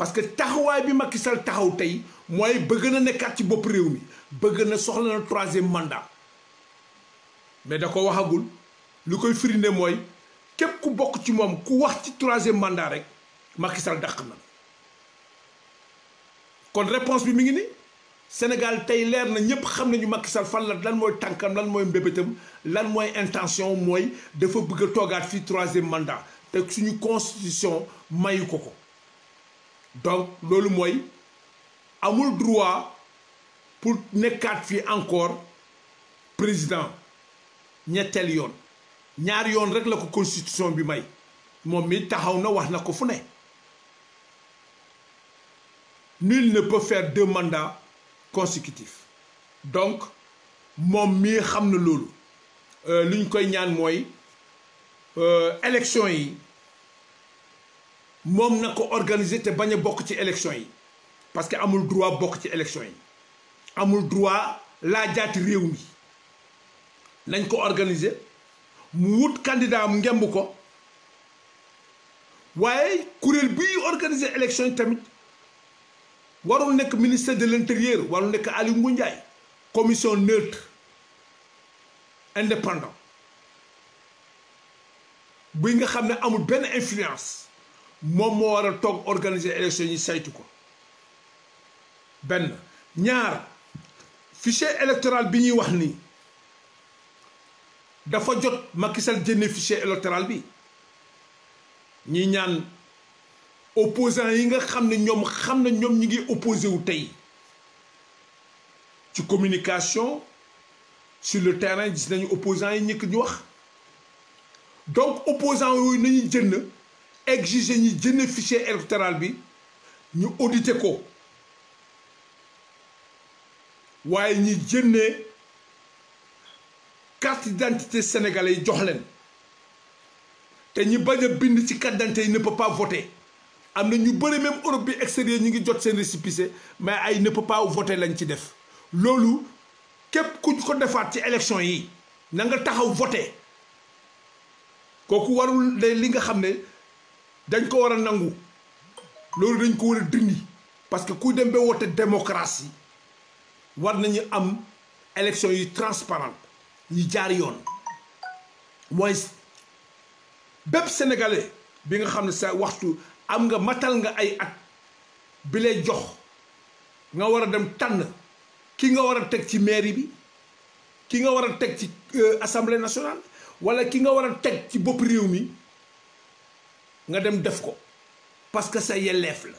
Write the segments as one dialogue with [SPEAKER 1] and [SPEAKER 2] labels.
[SPEAKER 1] parce que taxawaay bi Macky Sall taxaw tey mooy bëgg na nekkaat ci bopp réew mi bëgg na soxla na troisième mandat mais da ko waxagul lu koy firnde mooy képp ku bokk ci moom ku wax ci troisième mandat rek makisal Sall dàq na kon réponse bi mi ngi ni Sénégal tey leer na ñëpp xam nañu Macky Sall fan la lan mooy tànkam lan mooy mbébétam lan mooy intention mooy dafa bëgg a toogaat fii troisième mandat te suñu constitution mayu ko ko donc loolu mooy amul droit pour nekkaat fii encore président ñetteel yoon ñaar yoon rek la ko constitution bi may moom mi taxaw na wax na ko fu ne nul ne peut faire deux donc moom mii xam na loolu euh, lu ñu koy ñaan mooy euh, élection yi moom na ko organiser te bañ bokk ci élection yi parce que amul droit bokk ci élection yi amul droit laa jaati réew mi nañ ko organiser mu wut candidat mu ngemb ko waaye kuréel bii organiser élection yi tamit warul nekk ministère de l'intérieur warul nekk Aly Ngouille Ndiaye commission neutre indépendant bi nga xam ne amul benn influence moom moo war a toog organiser élection yi saytu ko benn ñaar fichier électoral bi ñuy wax nii dafa jot Macky Sall jënne fichier électoral bi ñi ñaan opposants yi nga xam ne ñoom xam na ñoom ñi ngi opposé wu tey ci communication sur le terrain gis nañu opposants yi ñëkk ñu wax donc opposants yooyu nañu jënd exiger ñi jënd fichier électoral bi ñu auditer ko waaye ñi jënne carte d'identité sénégalais yi jox leen te ñi bañ bind ci carte d'identité yi ne peut am na ñu bëri même Europe bi extérieur ñu ngi jot seen récépissé mais ay ne peut pas voter lañ ci def loolu képp ku ko defaat ci élection yi na nga taxaw voter kooku warul de li nga xam ne dañ ko war a nangu loolu dañ ko war a dindi parce que kuy dem ba woote démocratie war nañu am élection yi transparente yu jaar yoon mooy bépp sénégalais bi nga xam ne sa waxtu am nga matal nga ay at bi jox nga war a dem tànn ki nga war a teg ci mairie bi ki nga war a teg ci euh, assemblée nationale wala ki nga war a teg ci bopp réew mi nga dem def ko parce que sa yelleef la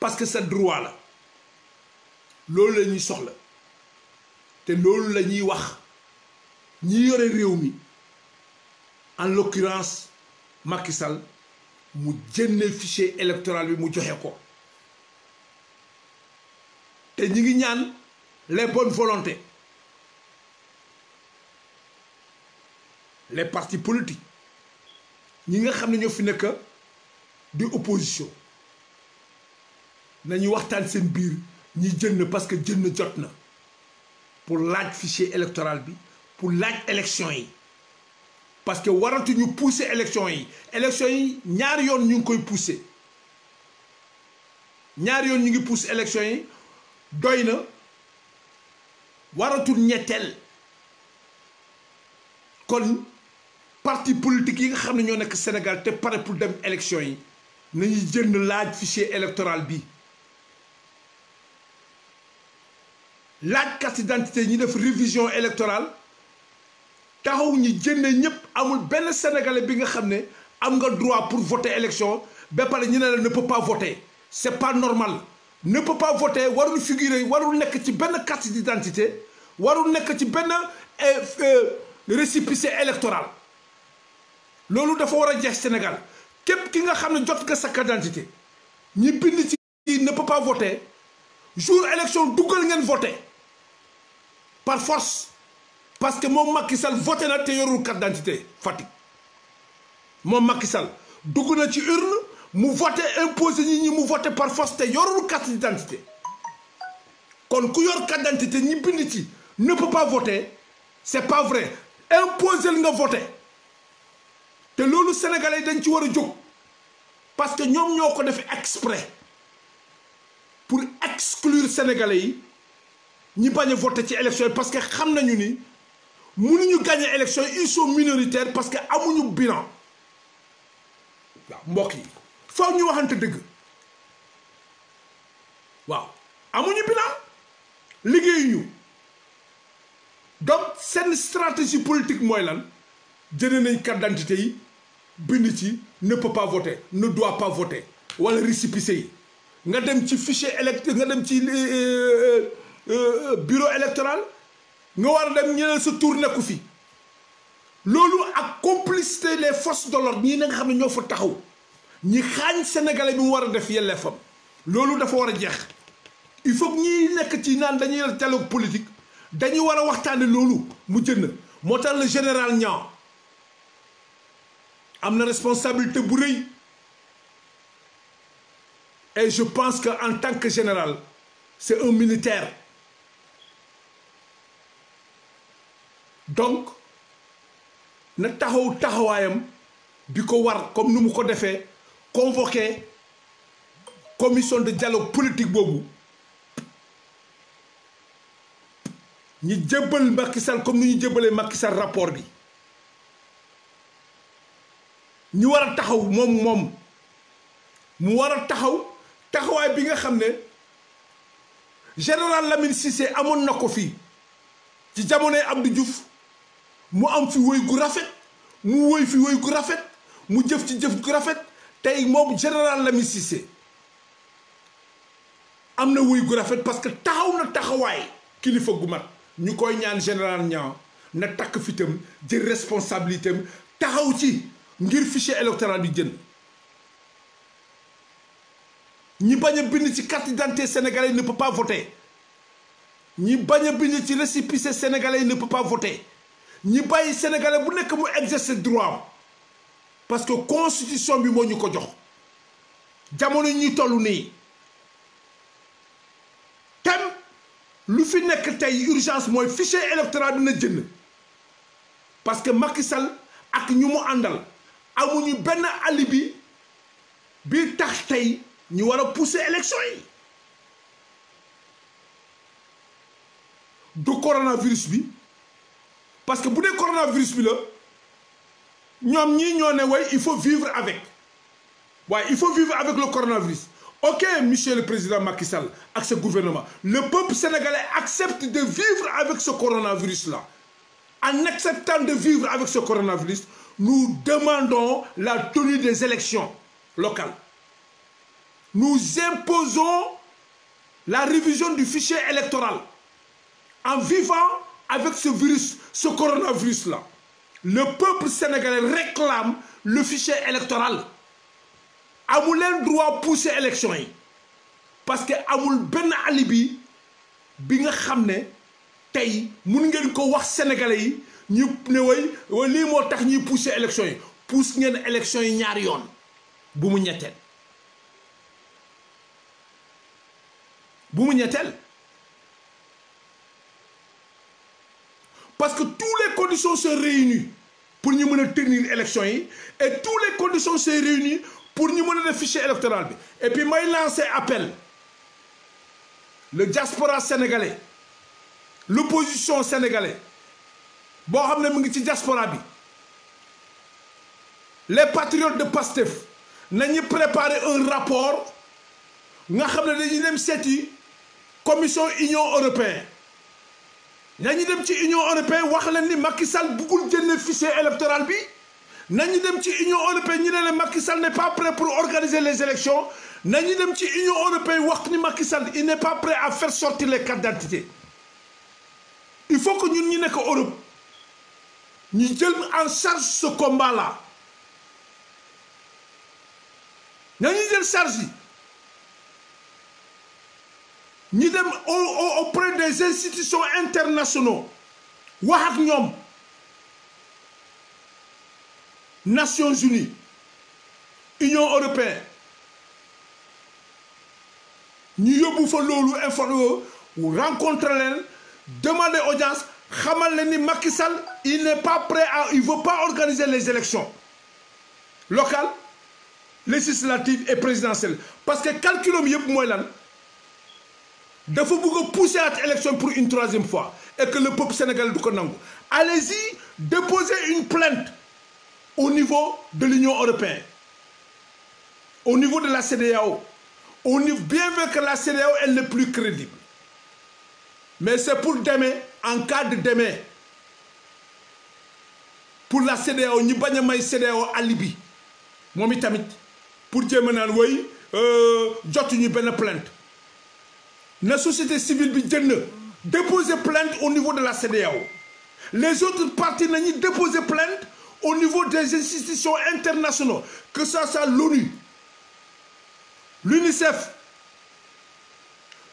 [SPEAKER 1] parce que sa droit la loolu la ñuy soxla te loolu la ñuy wax ñi yore réew mi en l'occurrence makisal mu jënne fichier électoral bi mu joxe ko te ñi ngi ñaan les bonnes volontés les partis politiques ñi nga xam ne ñoo fi nekk di opposition nañu waxtaan seen biir ñi jënd parce que jënd jot na pour laaj fichier électoral bi pour laaj élection yi parce que waratu ñu pousser élection yi élection yi ñaari yoon ñu ngi koy pousser ñaari yoon ñu ngi pousser élection yi doy na waratul ñetteel kon parti politique yi nga xam ne ñoo nekk Sénégal te pare pour dem élection yi nañu jënd laaj fichier électoral bi laaj carte d'identité ñu def révision électorale taxaw ñu jënde ñëpp amul benn sénégalais bi nga xam ne am nga droit pour voter élection ba pare ñu ne la ne peut pas voter c'est pas normal nëpp peut pas voter warul figurer warul nekk ci benn carte d'identité warul nekk ci benn euh, euh, récépissé électoral loolu dafa war a jeex Sénégal képp ki nga xam ne jot nga sa carte ñi bind ci ne peut pas voter jour élection duggal ngeen voter par force parce que moom Macky Sall voté na te yorul carte d'identité Fatick moom Macky Sall dugg na ci urne mu voté imposé ñi ñi mu voté par force te yorul carte d'identité kon ku yor carte d'identité ñi bind ci ne peut pas voter c'est pas vrai imposé nga voté te loolu sénégalais dañ ci war a jóg parce que ñoom ñoo ko defee exprès pour exclure sénégalais yi ñi bañ a ci élection yi parce que xam nañu ni mënuñu gagné élection yi ils sont minoritaires parce que amuñu bilan waaw mbokk yi faw ñu waxante dëgg waaw amuñu bilan liggéeyuñu donc seen stratégie politique mooy lan jëlee nañ carte yi bind ci ne peut pas voter ne doit pas voter wala récépissé yi nga dem ci fichier élect nga dem ci euh, euh, euh, bureau électoral nga war a dem ñeneen sa tour nekku fi loolu ak complicité les forces de l'ordre ñii na nga xam ne ñoo fa taxaw ñi xaañ sénégalais bi mu war a def yelleefam loolu dafa war a jeex il faut ñiy nekk ci naan dañuy dialogue politique dañuy war a waxtaane loolu mu jënd moo tax le général Niang am na responsabilité bu rëy et je pense que en tank général c'est un militaire donc na taxaw taxawaayam bi ko war comme ni mu ko defee convoqué commission de dialogue politique boobu ñu jébbal Macky Sall comme nu ñu jébbalee Macky Sall rapport bi ñu war a taxaw moom moom mu war a taxaw taxawaay bi nga xam ne général Lamine Cissé amoon na ko fii ci jamonoy Abdou Diouf mu am fi woy gu rafet mu woy fi woy gu rafet mu jëf ci jëf gu rafet tey moom général Lamine Cissé am na woy gu rafet parce que taxaw na taxawaay kilifa gu mag ñu koy ñaan général ñaaw na takk fitam jël responsabilité am taxaw ci ngir fichier électoral bi jën ñi bañ a bind ci carte d'identité sénégalais ne peut pas ñi bañ a bind ci récépissé sénégalais ne peut pas voter ñi bàyyi sénégalais bu nekk mu exercer droit am parce que constitution bi moo ñu ko jox jamono ñuy toll nii tem lu fi nekk tey urgence mooy fichier électoral dina jënd parce que makisal ak ñu mu àndal amuñu benn alibi bi tax ñu war a pousser élection yi du coronavirus bi parce que bu dee coronavirus bi la ñoom ñii ñoo ne way il faut vivre avec waaye il faut vivre avec le coronavirus ok monsieur le président Macky Sall ak sa gouvernement le peuple sénégalais accepte de vivre avec ce coronavirus là en acceptant de vivre avec ce coronavirus, nous demandons la tenue des élections locales. Nous imposons la révision du fichier électoral en vivant avec ce virus, ce coronavirus-là. Le peuple sénégalais réclame le fichier électoral. amulen leen droit pousser élection yi parce que amul benn alibi bi nga xam ne tey mun ngeen ko wax sénégalais yi ñu ne way way lii moo tax ñuy pousser élection yi pousse ngeen élection yi ñaari yoon bu mu ñetteel bu mu ñetteel parce que toutes les conditions sont réunies pour ñu mën a tenir élection yi et toutes les conditions sont réunies pour ñu mën a def fichier électoral bi et puis may lancer appel le diaspora sénégalais l'opposition sénégalaise boo xam ne mu ngi ci diaspora bi les patriotes de Pastef nañu préparer un rapport nga xam ne dañuy dem seeti commission union européenne nañu dem ci union européenne wax leen ni Macky Sall bëggul génne fichier électoral bi nañu dem ci union européenne ñu ne leen Macky Sall n'est pas prêt pour organiser les élections nañu dem ci union européenne wax ni Macky Sall il n'est pas prêt à faire sortir les cartes il faut que ñun ñu nekk Europe ñu jël en charge ce combat là nañu jël charge yi ñu dem au des institutions internationaux wax ak ñoom Nations Unies Union européenne ñu yóbbu fa loolu info rencontre leen demandez audience xamal leen ni Macky Sall il n'est pas prêt à il veut pas organiser les élections locales législatives et présidentielles parce que calculum yëpp mooy lan de bëgg a pousser à élection pour une troisième fois et que le peuple sénégalais du ko nangu allez-y déposez une plainte au niveau de l'Union européenne au niveau de la CEDEAO au niveau bien vrai que la CEDEAO elle n'est plus crédible Mais c'est pour demain, en cas de Pour la CDAO, ñu bañ a may CDAO alibi moom tamit pour jéem a naan woy euh, jotuñu benn plainte na société civile bi jënd déposer plainte au niveau de la CEDEAO les autres parties nañu déposer plainte au niveau des institutions internationales que ça soit l'ONU l'UNICEF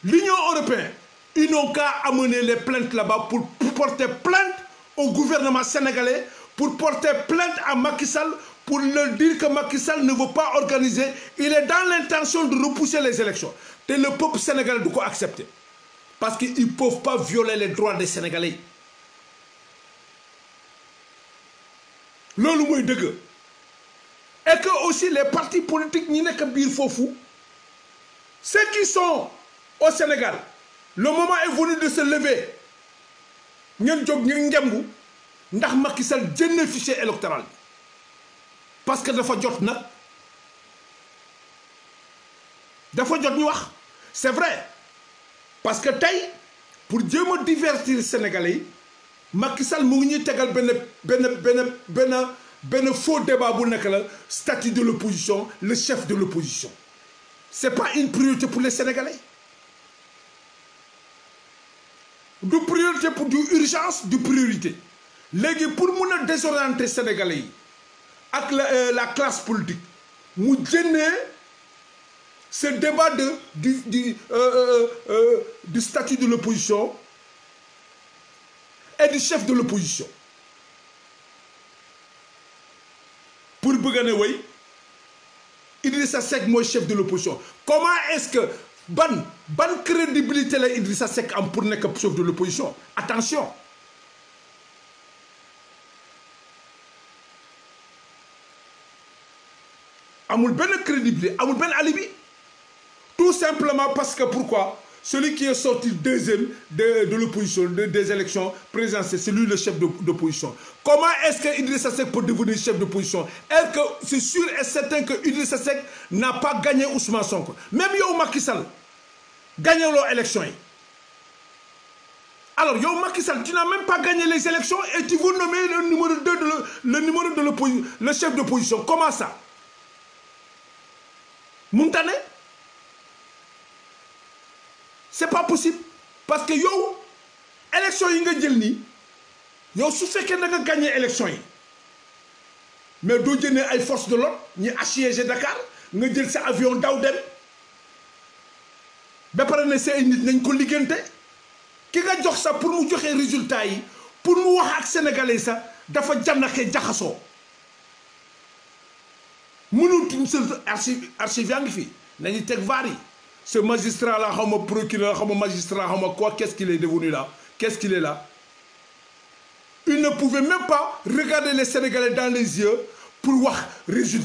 [SPEAKER 1] l'Union européenne Ils n'ont qu'à amener les plaintes là-bas pour, pour porter plainte au gouvernement sénégalais, pour porter plainte à Macky Sall, pour leur dire que Macky Sall ne veut pas organiser. Il est dans l'intention de repousser les élections. Et le peuple sénégalais doit accepter. Parce qu'ils ne peuvent pas violer les droits des Sénégalais. loolu mooy dëgg et que aussi les partis politiques ñi nekk biir foofu ceux qui sont au Sénégal le moment est venu de se lever ngeen jog ngir ngembu ndax Macky Sall jënd fichier électoral parce que dafa jot nag dafa jot ñu wax c'est vrai parce que tey pour jéem a divertir sénégalais yi Macky Sall mu ngi ñuy tegal benn benn benn benn benn faux débat bu nekk la statut de l'opposition le chef de l'opposition c'est pas une priorité pour les sénégalais du priorité pour du urgence du priorité léegi pour mun a désorienter sénégalais yi ak la euh, la classe politique mu jënnee ce débat de du du euh euh, euh, euh, du statut de l'opposition et du chef de l'opposition pour bëgg a ne way Idrissa Seck mooy chef de l'opposition comment est-ce que ban ban crédibilité la Idrissa Seck am pour nekk chef de l'opposition attention amul benn crédibilité amul benn alibi tout simplement parce que pourquoi Celui qui est sorti deuxième de, de l'opposition, de, des élections présidentielles, c'est lui le chef d'opposition. Comment est-ce que Idrissa Seck peut devenir chef d'opposition Est-ce que c'est sûr et certain que Idrissa Seck n'a pas gagné Ousmane Sonko Même yow Macky Sall gagné élection yi alors yow Macky Sall tu n'as même pas gagné les élections et tu veux nommer le numéro 2 de le, le numéro de l'opposition le chef d'opposition comment ça c'est pas possible parce que yow élection yi nga jël nii yow su fekkee na nga gagné élection yi mais doo jëndee ay forces de l'ordre ñu assiégé e Dakar nga jël sa avion daw dem ba pare ne say nit nañ ko liggante ki nga jox sax pour mu joxe résultat yi pour mu wax ak sénégalais sax dafa jànnaxee jaxasoo mënul tuum sa archive archive yaa ngi fi nañu teg vaar ce magistrat-là, comme procureur, comme magistrat, comme quoi, qu'est-ce qu'il est devenu Qu'est-ce qu'il est Il ne pouvait même pas regarder les Sénégalais dans les yeux pour wax le yi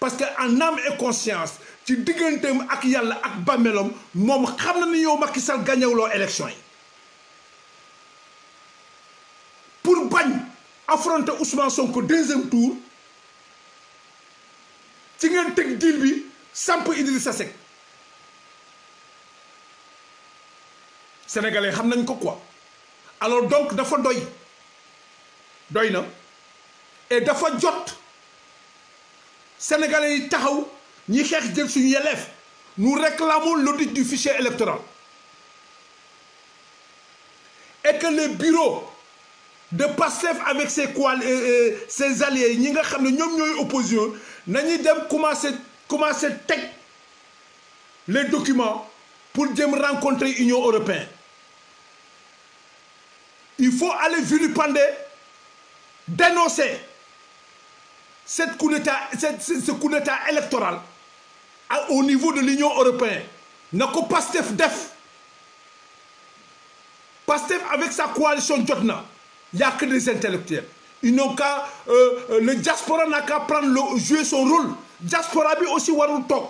[SPEAKER 1] Parce qu'en âme et conscience, ci digganteem ak yàlla ak bàmmeelam moom xam na ni yow Macky Sall gañewuloo élection yi pour bañ affronter Ousmane Sonko deuxième tour ci ngeen teg deal bi samp Idrissa Seck sénégalais xam nañ ko quoi alors donc dafa doy doy na et dafa jot sénégalais yi taxaw ñi xeex jël suñu yelleef nous réclamons l'audit du fichier électoral et que les bureaux de Pastef avec ses coal euh, euh, ses alliés yi ñi nga xam ne ñoom ñooy opposition nañuy dem commencer commencer teg les document pour jëm rencontrer Union européenne Il faut aller vilipender, dénoncer cette coup d'état, cette, ce coup d'état électoral au niveau de l'Union européenne. Na ko Pastef def Pastef avec sa coalition jot na y a que des intellectuels ils n'ont qu'à euh, euh le diaspora n'a qu'à prendre le son rôle diaspora bi aussi warul toog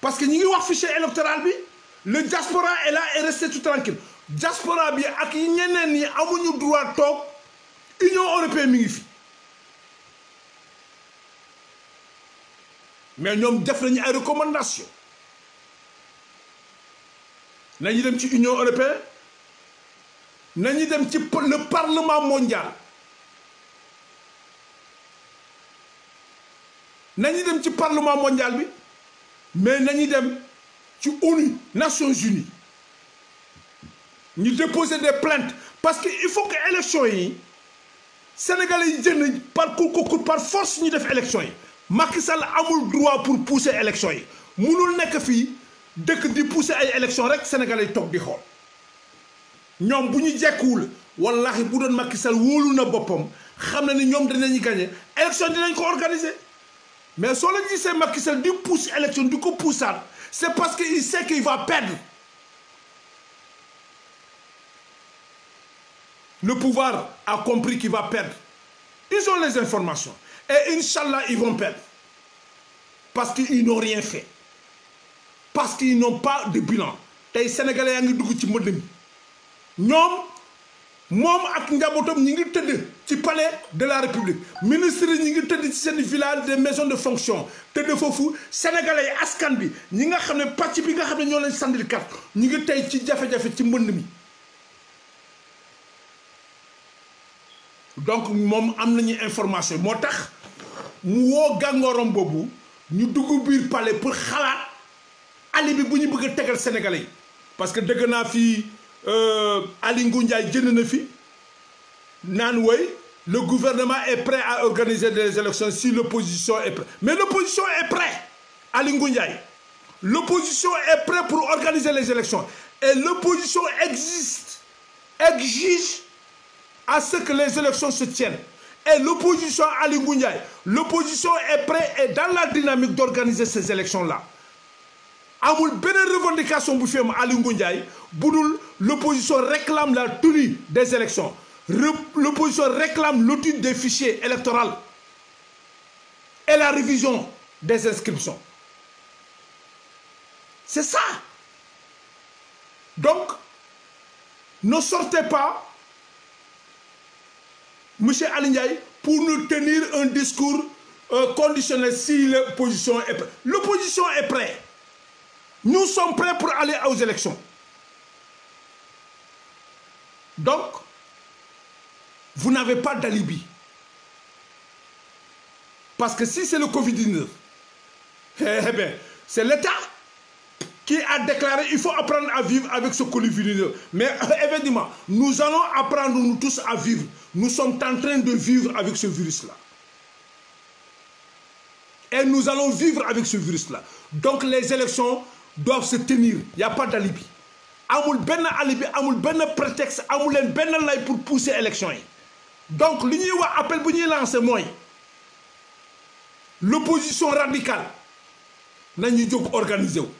[SPEAKER 1] parce que ñi ngi wax fichier électoral bi le diaspora est là et resté tout tranquille diaspora bi ak yi ñeneen yi amuñu droit toog union européenne mi ngi fi mais ñoom def nañu ay recommandation nañu dem ci union européenne nañu dem ci parlement mondial nañu dem ci parlement mondial bi mais nañu dem ci ONU Nations Unies ñu déposer des plaintes parce que il faut que élection yi sénégalais yi jënd par coup coup par force ñu def élection yi Macky Sall amul droit pour pousser élection yi munul nekk fii dëkk di pousser ay élection rek sénégalais yi toog di xool ñoom bu ñu jekkuwul wallahi bu doon Macky Sall wóolu na boppam xam na ni ñoom dinañu gagné élection dinañ ko organiser mais soo leen gisee Macky Sall di pousse élection di ko poussaat c'est parce que il sait qu'il va perdre Le pouvoir a compris qu'il va perdre. Ils ont les informations. Et Inch'Allah, ils vont perdre. Parce qu'ils n'ont rien fait. Parce qu'ils n'ont pas de bilan. Et les Sénégalais ont dit que ñoom moom ak njabootam ñi ngi tëdd ci palais de la république ministre yi ñi ngi tëdd ci seen village des maisons de fonction te foofu sénégalais yi askan bi ñi nga xam ne pàcc bi nga xam ne ñoo leen sandil kat ñi ngi tey ci jafe-jafe ci mbënd mi donc moom am nañu information moo tax mu woo gàngoorom boobu ñu dugg biir palais pour xalaat ali bi bu ñu bëgg tegal sénégalais yi parce que dëgg naa fii euh, Ali Ngouille Ndiaye jënd na fi naan woy le gouvernement est prêt à organiser des élections si l'opposition est prête mais l'opposition est prête Ali Ngouille Ndiaye l'opposition est prête pour organiser les élections et l'opposition existe exige à ce que les élections se tiennent. Et l'opposition à Lingunyaï, l'opposition est prête et dans la dynamique d'organiser ces élections-là. amul beneen revendication bu fi am Aliou Ndiaye bu dul l'opposition réclame la tenue des élections l'opposition réclame l'étude des fichiers électoraux et la révision des inscriptions c'est ça donc ne sortez pas monsieur Aly pour nous tenir un discours euh, conditionnel si l'opposition est prête. L'opposition est prête. Nous sommes prêts pour aller aux élections. Donc, vous n'avez pas d'alibi. Parce que si c'est le Covid-19, eh bien, c'est l'État qui a déclaré il faut apprendre à vivre avec ce covid Mais euh, évidemment, nous allons apprendre nous tous à vivre. Nous sommes en train de vivre avec ce virus-là. Et nous allons vivre avec ce virus-là. Donc les élections doivent se tenir. y n'y a pas d'alibi. amul benn alibi amul benn prétexte amul leen benn lay pour pousser élection yi donc li ñuy wax appel bu ñuy lancé mooy l'opposition radicale nañu jóg organiser wu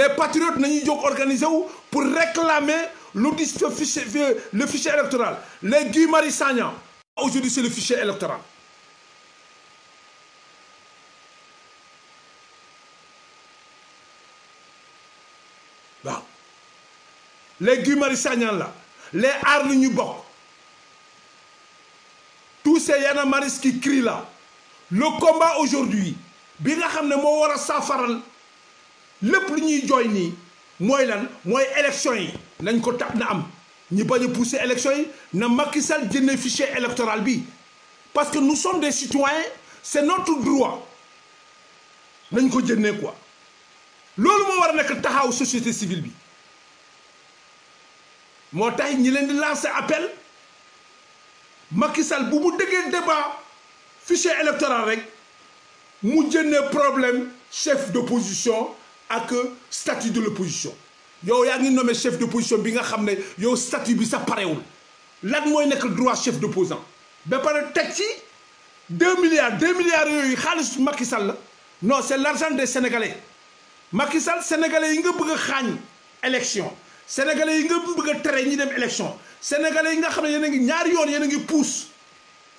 [SPEAKER 1] les patriotes nañu jóg organiser wu pour réclamer l'audit fichier, le fichier électoral, les Guy Marie Sagnan, aujourd'hui c'est le fichier waaw les Guy Marius Sagna la les aar li ñu bokk tout ces Y'en a marre qui crient là le combat aujourd'hui bi nga xam ne moo war a saafaral lépp lu ñuy jooy nii mooy lan mooy élection yi nañ ko tap na am ñi bañ a pousser élection yi na Macky Sall jënne fichier électoral bi parce que nous sommes des citoyens c'est notre droit nañ ko jëndee quoi loolu moo war a nekk taxaw société civile bi moo tax ñi leen di lancer appel Macky Sall bu mu déggee débat fichier électoral rek mu jëndee problème chef d'opposition ak statut de l'opposition yow yaa ngi nommé chef d'opposition bi nga xam ne yow statut bi sax parewul lan mooy nekk droit chef d'opposant ba pare teg ci deux milliards deux milliards yooyu xaalis Macky Sall la non c'est l'argent des sénégalais Macky Sall sénégalais yi nga bëgg a xaañ élection sénégalais yi nga bëgg a tere ñi dem élection sénégalais yi nga xam ne yéen a ngi ñaari yoon yéen a ngi pousse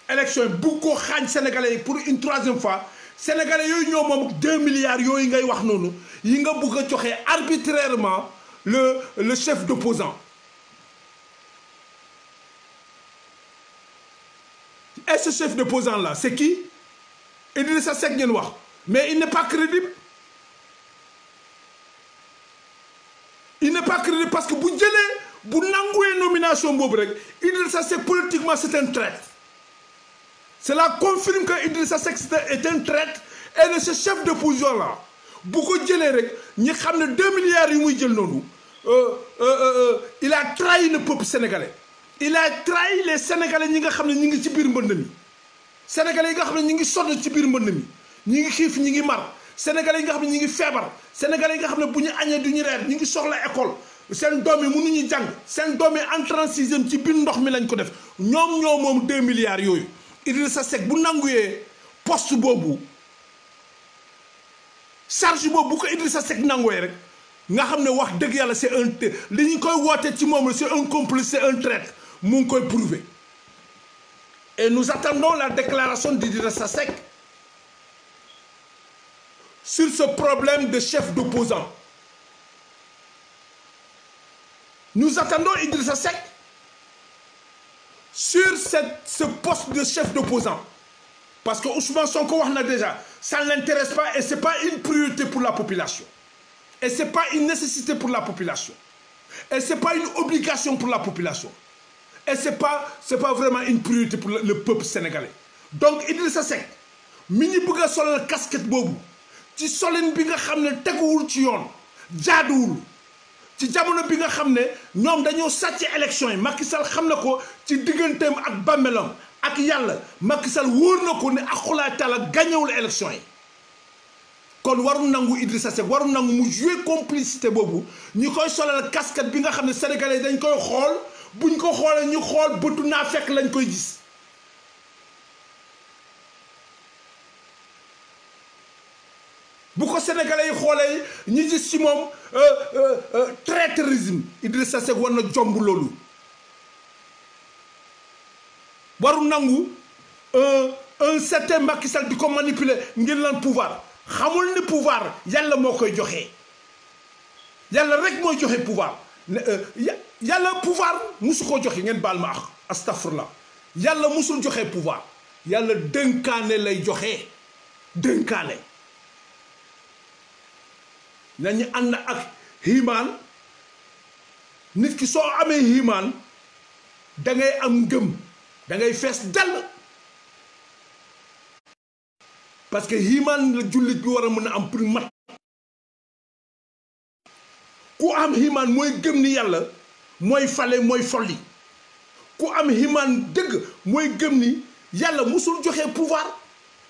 [SPEAKER 1] élection yi bugg koo xaañ sénégalais yi pour une troisième fois sénégalais yooyu ñoo moom deux milliards yooyu ngay wax noonu yi nga bëgg a joxe arbitrairement le, le chef d'opposant. Et ce chef d'opposant-là, c'est qui Idrissa Seck ngeen wax mais il n'est pas crédible il n'est pas crédible parce que bu jëlee bu nanguwee nomination boobu rek Idrissa Seck politiquement c'est un traître cela confirme que Idrissa Seck est un traître et le chef d'opposition là bu ko jëlee rek ñi xam ne deux milliards yu muy jël noonu euh, euh, euh, il a trahi le peuple sénégalais il a trahi les sénégalais ñi nga xam ne ñi ngi ci biir mbënd mi sénégalais yi nga xam ne ñi ngi sonn ci biir mbënd mi ñi ngi xiif ñi ngi mar sénégale yi nga xam ne ñi ngi feebar sénégalais yi nga xam ne bu ñu añee du ñu reer ñu ngi soxla école seen doom yi mënuñu jàng seen doom yi en 36e ci biir ndox mi lañ ko def ñoom ñoo moom deux milliards yooyu sa Seck bu nanguyee poste boobu charge boobu bu ko Idrissa Seck nangooy rek nga xam ne wax dëgg yàlla c'est un li ñu koy woote ci moom la c'est un complice c'est un traître mu ngi koy prouver et nous attendons la déclaration d'Idrissa Seck sur ce problème de chef d'opposant nous attendons Idrissa Seck sur cette, ce poste de chef d'opposant parce que Ousmane Sonko wax na déjà ça ne l'intéresse pas et c'est pas une priorité pour la population et c'est pas une nécessité pour la population et c'est pas une obligation pour la population et c'est pas c'est pas vraiment une priorité pour le, le peuple sénégalais donc Idrissa Seck mi ñu bëgg a solal casquette boobu ci solin bi nga xam ne teguwul ci yoon jaaduwul ci jamono bi nga xam ne ñoom dañoo sàcc élection yi Macky xam na ko ci digganteem ak bàmmeelam ak yàlla Macky Sall wóor na ko ne ak xulaay taala gañewul élection yi kon waru nangu Idrissa Seck waru nangu mu jouer complicité boobu ñu koy solal casquette bi nga xam ne sénégalais dañ koy xool buñ ko xoolee ñu xool bëtu naa fekk lañ koy gis bu ko sénégalais yi xoolee ñu gis ci moom euh, euh, euh, traîtrisme Idrissa Seck war na jomb loolu waru nangu euh, un certain Macky Sall di ko manipuler ngir lan pouvoir xamul ni pouvoir yàlla moo koy joxe yàlla rek mooy joxe pouvoir euh, yàlla pouvoir musu joxe ngeen baal ma ak astafurlah yàlla musul joxe pouvoir yàlla dënkaane lay joxe dënkaane nañu ànd ak himaan nit ki soo amee himaan da ngay am ngëm dangay fees dell parce que himaan la jullit bi war a mën a am pour ku am himaan mooy gëm ni yàlla mooy fale mooy folli ku am himaan dëgg mooy gëm ni yàlla musul joxe pouvoir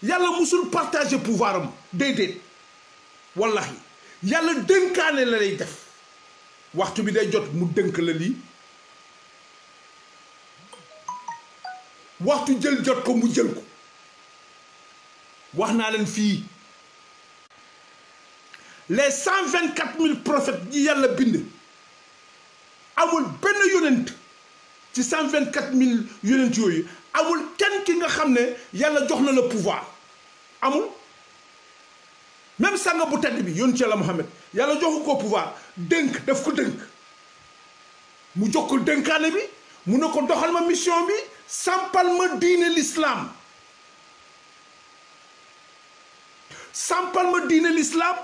[SPEAKER 1] yàlla musul partager pouvoir am déedéet wallahi yàlla dënkaane la lay def waxtu bi day jot mu dënk la lii waxtu jël jot ko mu jël ko wax naa leen fii les cent vingt quatre mille prophètes yi yàlla bind amul benn yonent ci cent vingt quatre mille yonent yooyu amul kenn ki nga xam ne yàlla jox na la pouvoir amul même sanga bu tedd bi yonent yàlla Muhammad yàlla joxu ko pouvoir dënk daf ko dënk mu jox ko dënkaane bi mu ne ko doxal ma mission bi sampal ma diine lislaam sampal ma diine lislaam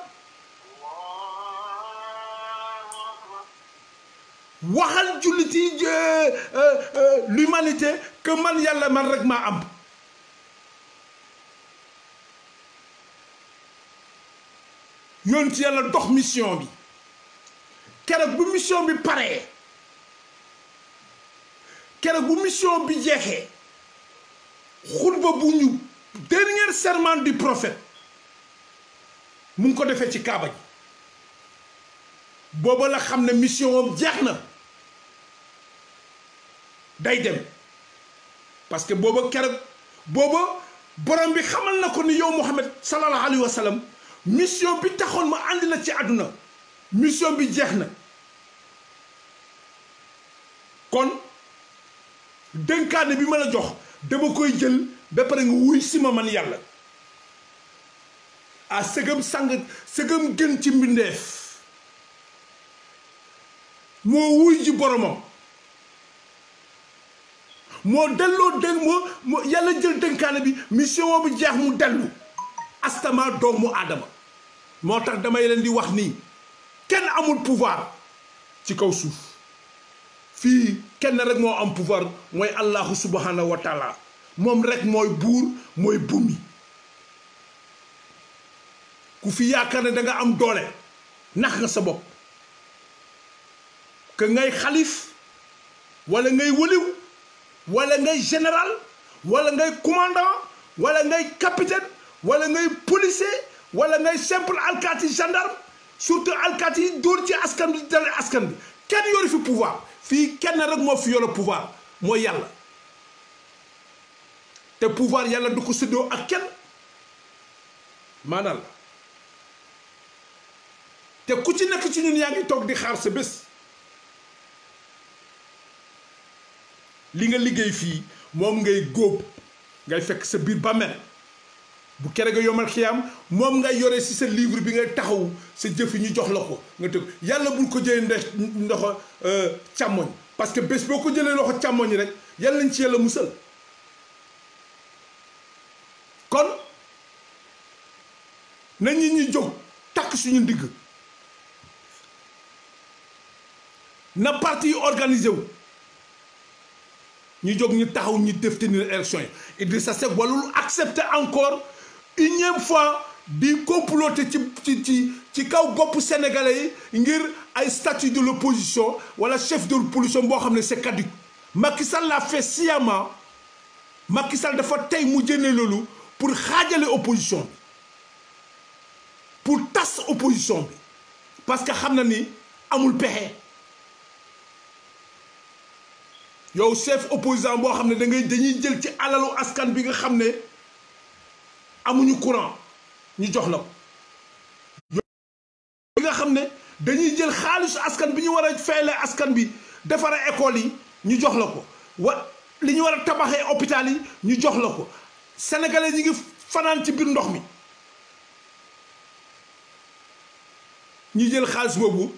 [SPEAKER 1] waxal jullit yi euh, euh, l'humanité que man yàlla man rek maa am yoon ci yàlla dox mission bi keroog bu mission bi paree keroog bu mission bi jeexee xutba bu ñu dernier serment du prophète mu ngi ko defee ci kaaba booba la xam ne mission am jeex na day dem parce que booba keroog booba borom bi xamal na ko ni yow Muhammad sallallahu alayhi wa sallam mission bi taxoon ma àndi la ci àdduna mission bi jeex na dénkaane bi ma la jox dama koy jël ba pare nga wuy si ma man yàlla ah sëgëm sang sëgëm gën ci mbindeef moo wuy ji boromam moo delloo dégg moo yàlla jël dénkaane bi mission bu jeex mu dellu astama doomu aadama moo tax damay leen di wax nii kenn amul pouvoir ci kaw suuf fii kenn rek moo am pouvoir mooy allahu subhanahu wa taala moom rek mooy buur mooy bumi ku fi yaakaar ne danga am doole ndax nga sa bopp que ngay xalif walla ngay wëliw wala ngay général walla ngay commandant walla ngay capitaine wala ngay policier wala ngay simple alkaati gendarme surtout alkaati yi dóor ci askan bi dale askan bi kenn yoru fi pouvoir fii kenn rek moo fi yore pouvoir mooy yàlla te pouvoir yàlla du ko séddoo ak kenn maanaam te ku ci nekk ci ñun yaa ngi toog di xaar sa bés li nga liggéey fii moom ngay góob ngay fekk sa biir bàmmeel bu keree ga yomal xiyaam moom ngay yore si sa livre bi ngay taxaw sa jëf yi ñu jox la ko nga tëg yàlla bul ko jëlee ndex ndoxo euh, càmmoñ parce que bés boo ko jëlee loxo càmmoñ rek yàlla nañ ci yàlla musal kon na ñi ñu jóg takk suñu ndigg na parti yi wu ñu jóg ñu taxaw ñu déftenir élection yi Idrissa Seck walul accepter encore unième fois bi comploter ci ci ci ci kaw bopp sénégalais yi ngir ay statut de l'opposition wala chef de l'opposition boo xam ne c'est caduc Macky Sall l'a fait sciemment Macky Sall dafa tey mu jëne loolu pour xaajale opposition bi pour tas opposition bi parce que xam na ni amul pexe yow chef opposant boo xam ne da ngay dañuy jël ci alalu askan bi nga xam ne amuñu courant ñu jox la ko bi nga xam ne dañuy jël xaalisu askan bi ñu war a fayle askan bi defare école yi ñu jox la ko wa li ñu war a tabaxee hôpital yi ñu jox la ko sénégalais ñi ngi fanaan ci biir ndox mi ñu jël xaalis boobu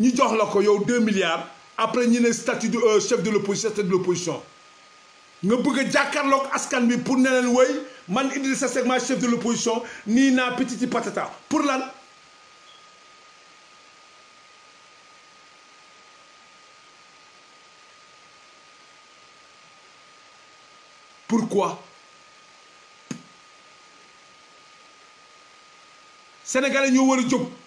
[SPEAKER 1] ñu jox la ko yow deux milliards après ñu ne statut de euh, chef de l'opposition statut de l'opposition nga bëgg jàkkarlook askan bi pour ne woy man Idrissa sa ma chef de l'opposition nii naa petiti patata pour lan pourquoi sénégalais ñoo war a jóg